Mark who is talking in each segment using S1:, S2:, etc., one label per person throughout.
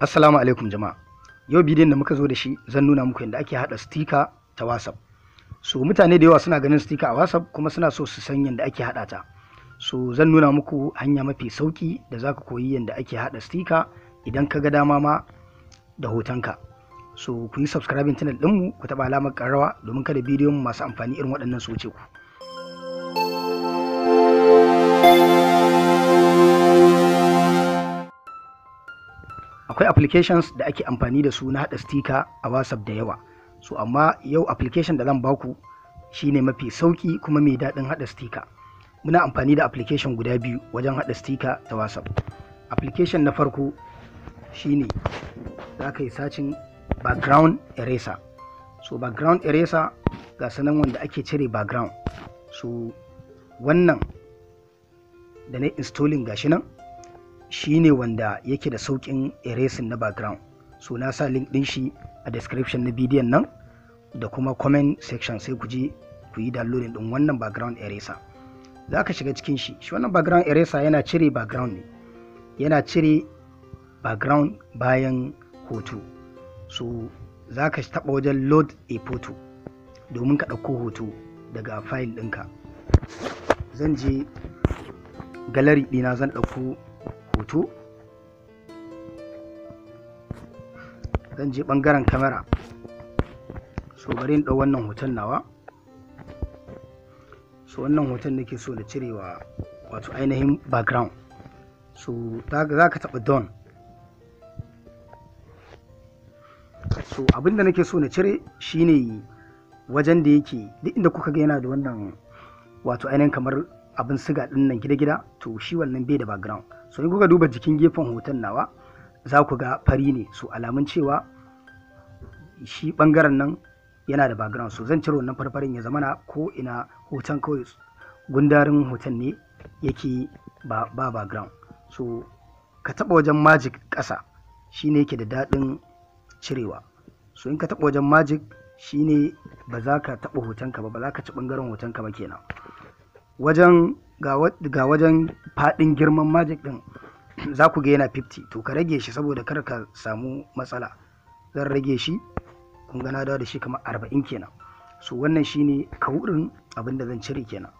S1: Assalamu alaikum jama'a. Yau bidiyon da muka zo da shi zan nuna muku yadda ake hada stika ta WhatsApp. So mutane da yawa suna ganin stika a WhatsApp kuma suna so su san yadda ake hada ta. So zan nuna muku hanya mafi sauki da za ka koyi yadda ake hada stika idan ka ga dama ma da hotonka. So ku yi subscribing channel ɗinmu ku taɓa alamar ƙarawa domin kada bidiyon masu amfani irin waɗannan su wuce ku. akwai applications da ake amfani da su na haɗa sticker a whatsapp da yawa so amma yau application da zan baku shine mafi sauki kuma mai daɗin haɗa sticker muna amfani da application guda biyu wajen haɗa sticker ta whatsapp application na farko shine za ka yi sacin background eraser so background eraser ga sanan wanda ake cire background so wannan da na installing gashi nan Shi ne wanda yake da sauƙin erasing na background so na sa link ɗin shi a description na bidiyon nan da kuma comment section sai ku je ku yi downloading ɗin wannan background eraser za ka shiga cikin shi shi wannan background eraser yana cire background ne yana cire background bayan hoto so za ka taɓa wajen load a photo domin ka ɗauko hoto daga file ɗinka zan je gallery ɗina zan ɗauko hoto zan je ɓangaren kamera so bari in ɗau wannan hoton nawa so wannan hoton nake so na cirewa wato ainihin background so za ka taɓa don so abinda nake so na cire shine wajen da yake duk inda kuka ga yana da wannan wato ainihin kamar abin siga ɗin nan gida-gida to shi wannan bai da background so in kuka duba jikin gefen hoton nawa za ku ga fari ne so alamun cewa shi bangaren nan yana da background so zan cire wannan farfarin ya zamana ko ina hoton kawai gundarin hoton ne yake ba, ba background so ka taɓa wajen magic ƙasa shi ne yake da daɗin cirewa so in ka taɓa wajen magic shi ne ba za ka taɓa hotonka ba ba za ka ci ɓangaren hotonka ba kenan wajen ga wajen faɗin girman majik ɗin za ku ga yana 50 to ka rage shi saboda kar ka samu matsala zan rage shi kun ga na dawo da shi kamar 40 kenan so wannan shine kaurin abin da zan cire kenan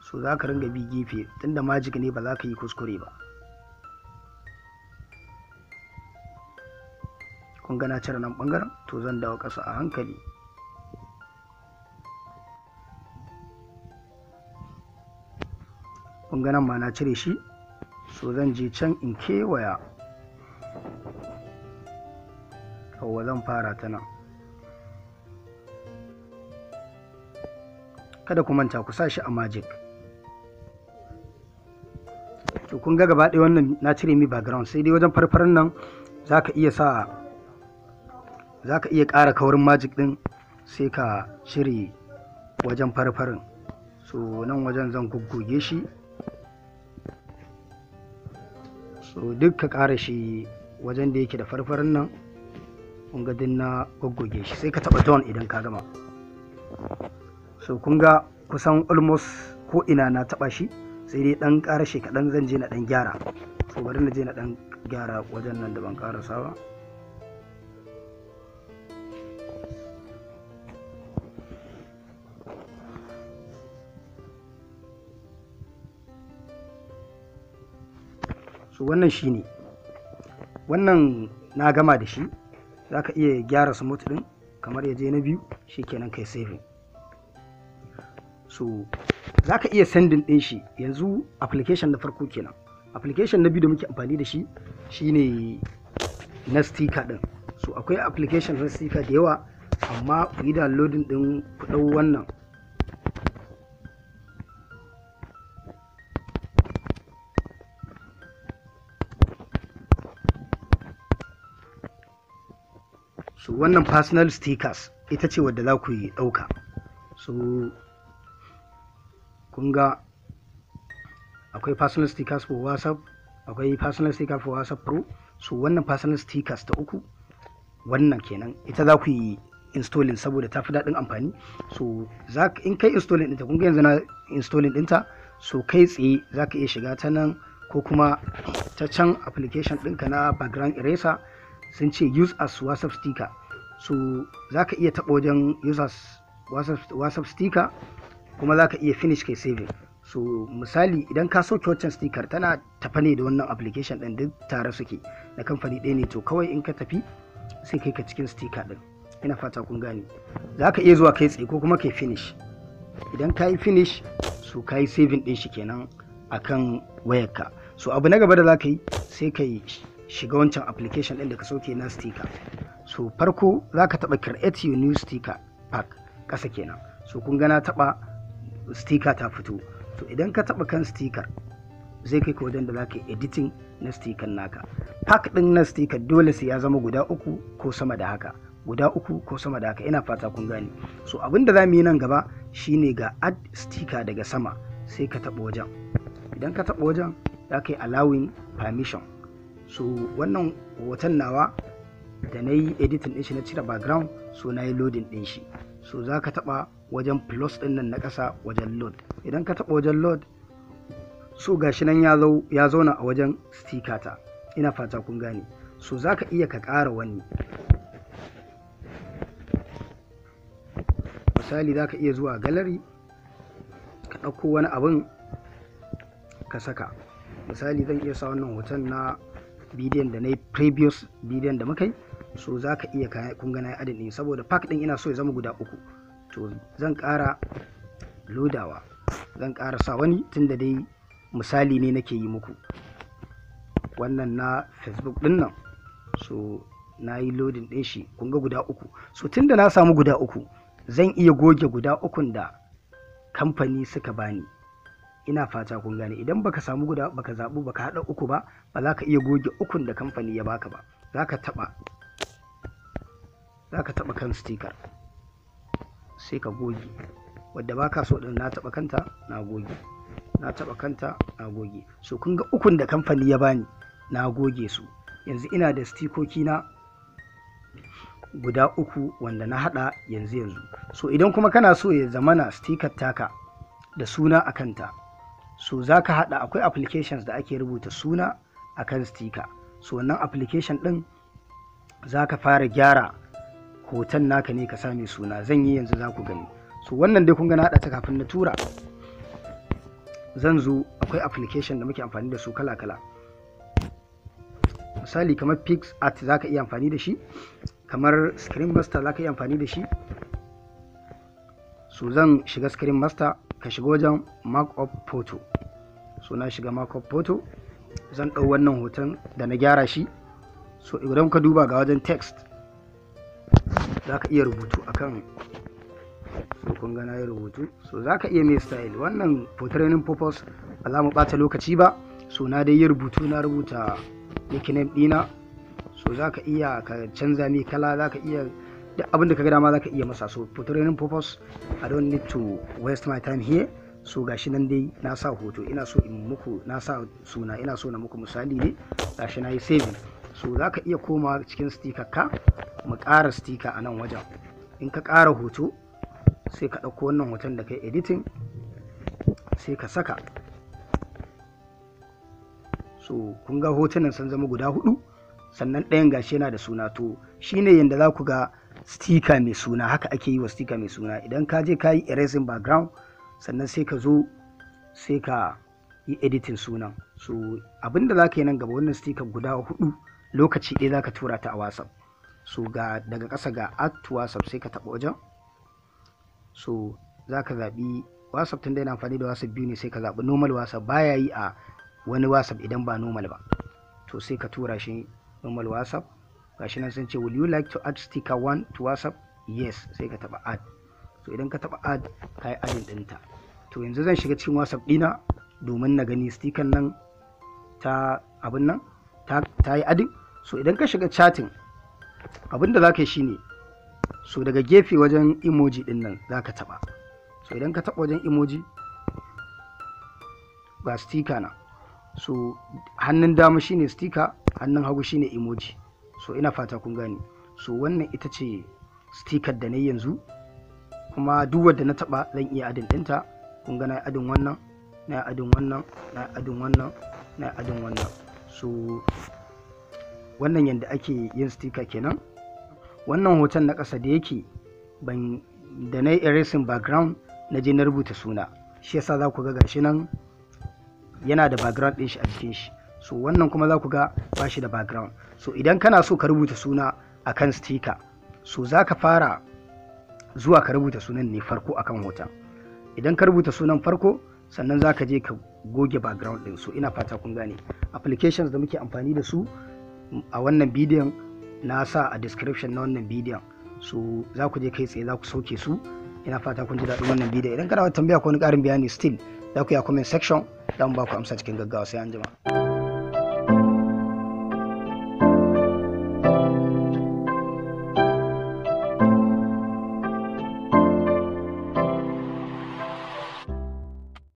S1: so za ka ringa bi gefe tunda majik ne ba za ka yi kuskure ba kun ga na cire nan bangaren to zan dawo ƙasa a hankali Kunga nan ma na cire shi so zan je can in kewaya kawo zan fara ta nan kada ku manta ku sa shi a magic to kun ga gaba ɗaya wannan na cire mi background sai dai wajen farfarin nan za ka iya sa za ka iya ƙara kaurin magic ɗin sai ka cire wajen farfarin so nan wajen zan gugguge shi so duk ka kara shi wajen da yake da farfarin nan kun ga na goggoge shi sai ka taɓa don idan ka gama so kun ga kusan almost ko ina na taɓa shi sai dai ɗan ƙara shi kaɗan zan je na ɗan gyara so bari na je na ɗan gyara wajen nan da ban ƙarasa ba so wannan shi ne wannan na gama da shi za ka iya gyara smooth din kamar ya je na biyu shi kenan kai saving so za ka iya sendin din shi yanzu application na farko kenan application na biyu da muke amfani da shi shine na sticker din so akwai application na sticker da yawa amma ku yi downloading din ku ɗau wannan so wannan personal stickers ita ce wadda za ku yi ɗauka so kun ga akwai personal stickers for whatsapp akwai personal stickers for whatsapp pro so wannan personal stickers ta uku wannan kenan ita za ku yi installing saboda ta fi daɗin amfani so in kai installing ɗinta kun ga yanzu na installing ɗinta so kai tsaye za ka iya shiga ta nan ko kuma ta can application ɗinka na background eraser sun ce use as whatsapp sticker su za ka iya taɓa wajen users whatsapp sticker kuma za ka iya finish kai saving so misali idan ka so waccan sticker tana tafa ne da wannan application ɗin duk tare suke na kamfani ɗaya ne to kawai in ka tafi sai kai ka cikin sticker ɗin ina fata kun gane za ka iya zuwa kai tsaye ko kuma kai finish idan ka yi finish so ka yi saving ɗin shi kenan kan wayarka so abu na gaba da za ka yi sai ka shiga wancan application ɗin da ka soke na sticker so farko za ka taɓa create your new sticker pack ƙasa kenan so kun gana taɓa sticker ta fito to idan ka taɓa kan sticker zai kai ka da za ka editing na sticker naka pack ɗin na sticker dole sai ya zama guda uku ko sama da haka guda uku ko sama da haka ina fata kun gani. so abin da za mu yi nan gaba shine ga add sticker daga sama sai ka taɓa wajen idan ka taɓa wajen za ka yi allowing permission so wannan hoton nawa da na yi editing din shi na cire background so na yi loading din shi so za ka taba wajen plus din nan na ƙasa wajen load idan ka taba wajen load so gashi nan ya zauna a wajen sticker ta ina fata kun gane so za ka iya ka ƙara wani misali za ka iya zuwa gallery ka ɗauko wani abin ka saka misali zan iya sa wannan hoton na bidiyon da na yi previous bidiyon da muka yi so za ka iya kaya kun gana adin ne saboda pack ɗin ina so ya zama guda uku to zan ƙara lodawa zan ƙara sa wani tunda dai misali ne nake yi muku wannan na facebook ɗin nan so na yi lodin ɗin shi kun ga guda uku so tunda na samu guda uku zan iya goge guda ukun da kamfani suka bani ina fata kun gane idan baka samu guda baka zabu baka haɗa uku ba ba za ka iya goge ukun da kamfani ya baka ba za ka taɓa za ka taɓa kan sticker sai ka goge wadda ba ka so ɗin na taɓa kanta na goge na taɓa kanta na goge so kun ga ukun da kamfani ya bani na goge su yanzu ina da stikoki na guda uku wanda na haɗa yanzu yanzu so idan kuma kana so ya zamana sticker taka da suna a kanta so za ka haɗa akwai applications da ake rubuta suna a kan sticker so wannan application ɗin za ka fara gyara hoton naka ne ka same suna zan yi yanzu za ku gani so wannan dai kun gana haɗa ta kafin na tura zan zo akwai application da muke amfani da su kala-kala misali kamar pix art za ka iya amfani da shi kamar screen master za ka iya amfani da shi so zan shiga screen master ka shiga wajen mark of photo so na shiga mark of photo zan ɗau wannan hoton da na gyara shi so idan ka duba ga wajen text za ka iya rubutu a kan kun gana ya rubutu so za ka iya mai style wannan for training purpose ba za mu bata lokaci ba so na dai yi rubutu na rubuta nickname dina so za ka iya ka canza mai kala za ka iya duk abin da ka gada ma za ka iya masa so for training purpose i don't need to waste my time here so gashi nan dai na sa hoto ina so in muku na sa suna ina so na muku misali ne gashi na yi saving so za ka iya komawa cikin sticker ka mu ƙara sticker a nan wajen in ka ƙara hoto sai ka ɗauko wannan hoton da kai editing sai ka saka so kun ga hotunan sun zama guda hudu sannan ɗayan gashi yana da suna to shine yadda za ku ga stika mai suna haka ake yi wa stika mai suna idan ka je ka yi erasing background sannan sai ka zo sai ka yi editing sunan so abinda za ka yi nan gaba wannan stika guda hudu lokaci ɗaya zaka tura ta a whatsapp so ga daga ƙasa ga add to whatsapp sai ka taɓa wajen so za ka zaɓi whatsapp tun da yana amfani da whatsapp biyu ne sai ka zaɓi normal whatsapp baya yi a wani whatsapp idan ba normal ba to sai ka tura shi normal whatsapp shi nan sun ce will you like to add sticker one to whatsapp yes sai ka taɓa add to idan ka taɓa add ka yi adin ɗinta to yanzu zan shiga cikin whatsapp ɗina domin na gani stikan nan ta abin nan ta yi adin so idan ka shiga chatting abinda za ka yi shine so daga gefe wajen emoji din nan za ka taba so idan ka taba wajen emoji ba stika na so hannun dama shine stika hannun hagu shine emoji so ina fata kun gani so wannan ita ce stikar da na yanzu kuma duk da na taba zan iya adin ɗinta kun gana adin wannan na adin wannan na adin wannan na adin wannan so wannan yadda ake yin sticker kenan wannan hoton na ƙasa da yake ban da na erasing background na je na rubuta suna shi yasa za ku ga gashi nan yana da background ɗin shi a jikin shi so wannan kuma za ku ga ba shi da background so idan kana so ka rubuta suna a kan stika, so za ka fara zuwa ka rubuta sunan ne farko akan hoton idan ka rubuta sunan farko sannan za ka je ka goge background ɗin so ina fata kun gane applications da muke amfani da su a wannan bidiyon na sa a description na wannan bidiyon so za ku je kai tsaye za ku sauke su ina fata kun ji daɗin wannan bidiyon idan kana tambaya ko wani ƙarin bayani still za ku yi a comment section za mu ba ku amsa cikin gaggawa sai an jima.